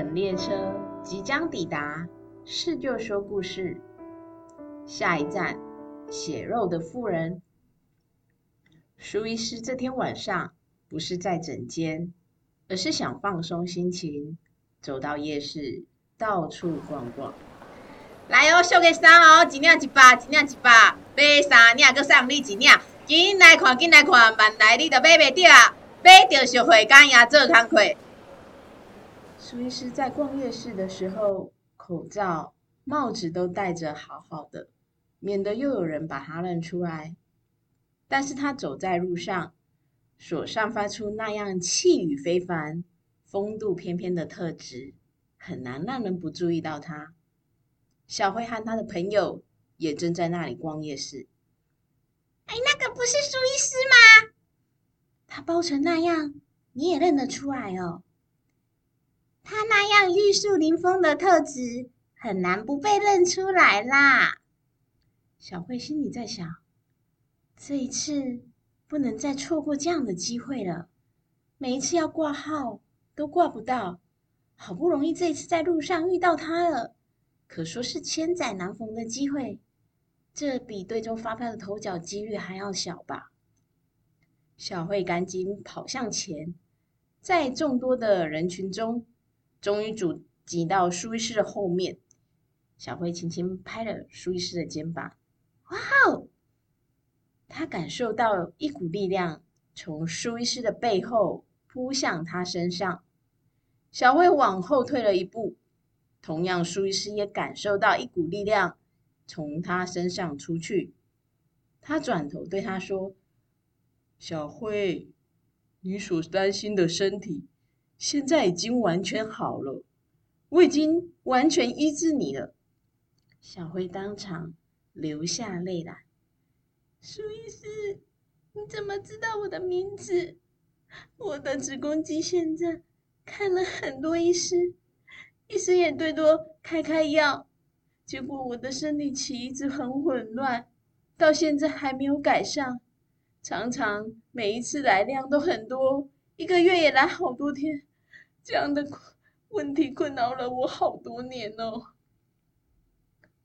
本列車即將抵達，是就說故事。下一站，血漏的婦人。蘇醫師這天晚上不是在診間，而是想放鬆心情，走到夜市到處逛逛。來哦，上個三哦，一兩一八，一兩一八，買三兩個送你一兩，緊來看，緊來看，萬來，來你都買不到啊！買到實惠，干爺做工課。蘇醫師在逛夜市的時候，口罩、帽子都戴着好好的，免得又有人把他認出來。但是他走在路上，所散發出那樣氣宇非凡、風度翩翩的特質，很難讓人不注意到他。小慧和他的朋友也正在那裡逛夜市。哎，那個不是蘇醫師嗎？他包成那樣，你也認得出來哦。他那樣玉樹臨風的特質，很難不被認出來啦。小慧心裡在想，這一次不能再錯過這樣的機會了。每一次要掛號都掛不到，好不容易這一次在路上遇到他了，可說是千載難逢的機會。這比對中發票的頭獎幾率還要小吧？小慧趕緊跑向前，在眾多的人群中。終於阻擠到蘇醫師的後面，小慧輕輕拍了蘇醫師的肩膀。哇哦！他感受到一股力量從蘇醫師的背後撲向他身上，小慧往後退了一步。同樣，蘇醫師也感受到一股力量從他身上出去。他轉頭對他說：“小慧，你所擔心的身體。”現在已經完全好了，我已經完全醫治你了。小輝當場流下淚來，蘇醫師，你怎麼知道我的名字？我的子宮肌，現在看了很多醫師，醫師也最多開開藥，結果我的生理期一直很混亂，到現在還沒有改善，常常每一次來量都很多。一個月也來好多天，這樣的問題困擾了我好多年哦。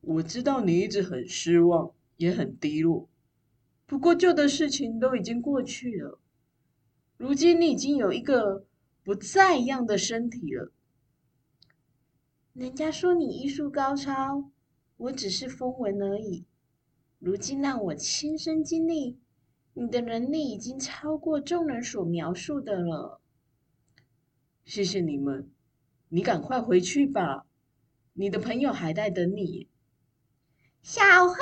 我知道你一直很失望，也很低落。不過舊的事情都已經過去了，如今你已經有一個不再一樣的身體了。人家說你醫術高超，我只是風聞而已。如今讓我親身經歷。你的能力已經超過眾人所描述的了。謝謝你們，你趕快回去吧，你的朋友還在等你。小黑，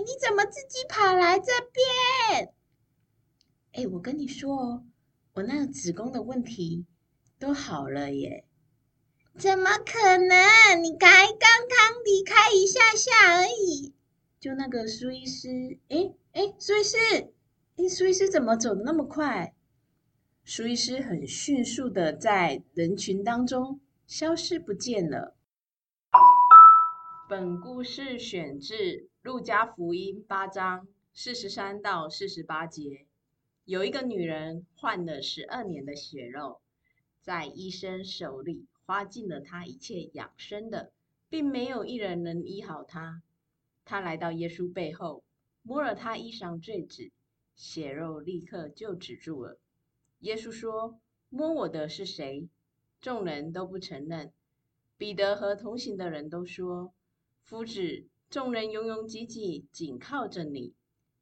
你怎麼自己跑來這邊？哎，我跟你說哦，我那個子宮的問題都好了耶。怎麼可能？你才剛，剛剛離開一下下而已。就那個蘇醫師，哎哎，蘇醫師。嗯，蘇醫師怎麼走那麼快？蘇醫師很迅速的在人群當中消失不見了。本故事選自《路加福音》八章四十三到四十八節。有一個女人患了十二年的血漏，在醫生手裡花盡了她一切養生的，並沒有一人能醫好她。她來到耶穌背後，摸了他衣裳繸子。血漏立刻就止住了。耶穌說：“摸我的是誰？”眾人都不承認。彼得和同行的人都說：“夫子，眾人擁擁擠擠，緊靠着你。”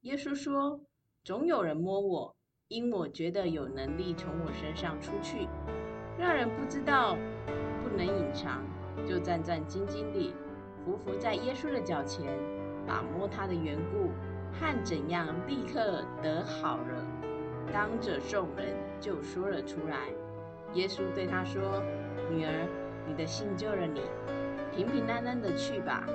耶穌說：“總有人摸我，因我覺得有能力從我身上出去，那女人知道，不能隱藏，就戰戰兢兢地俯伏在耶穌的腳前，把摸他的緣故。”看怎樣立刻得好了，當着眾人就說了出來。耶穌對他說：“女兒，你的信救了你，平平安安的去吧。”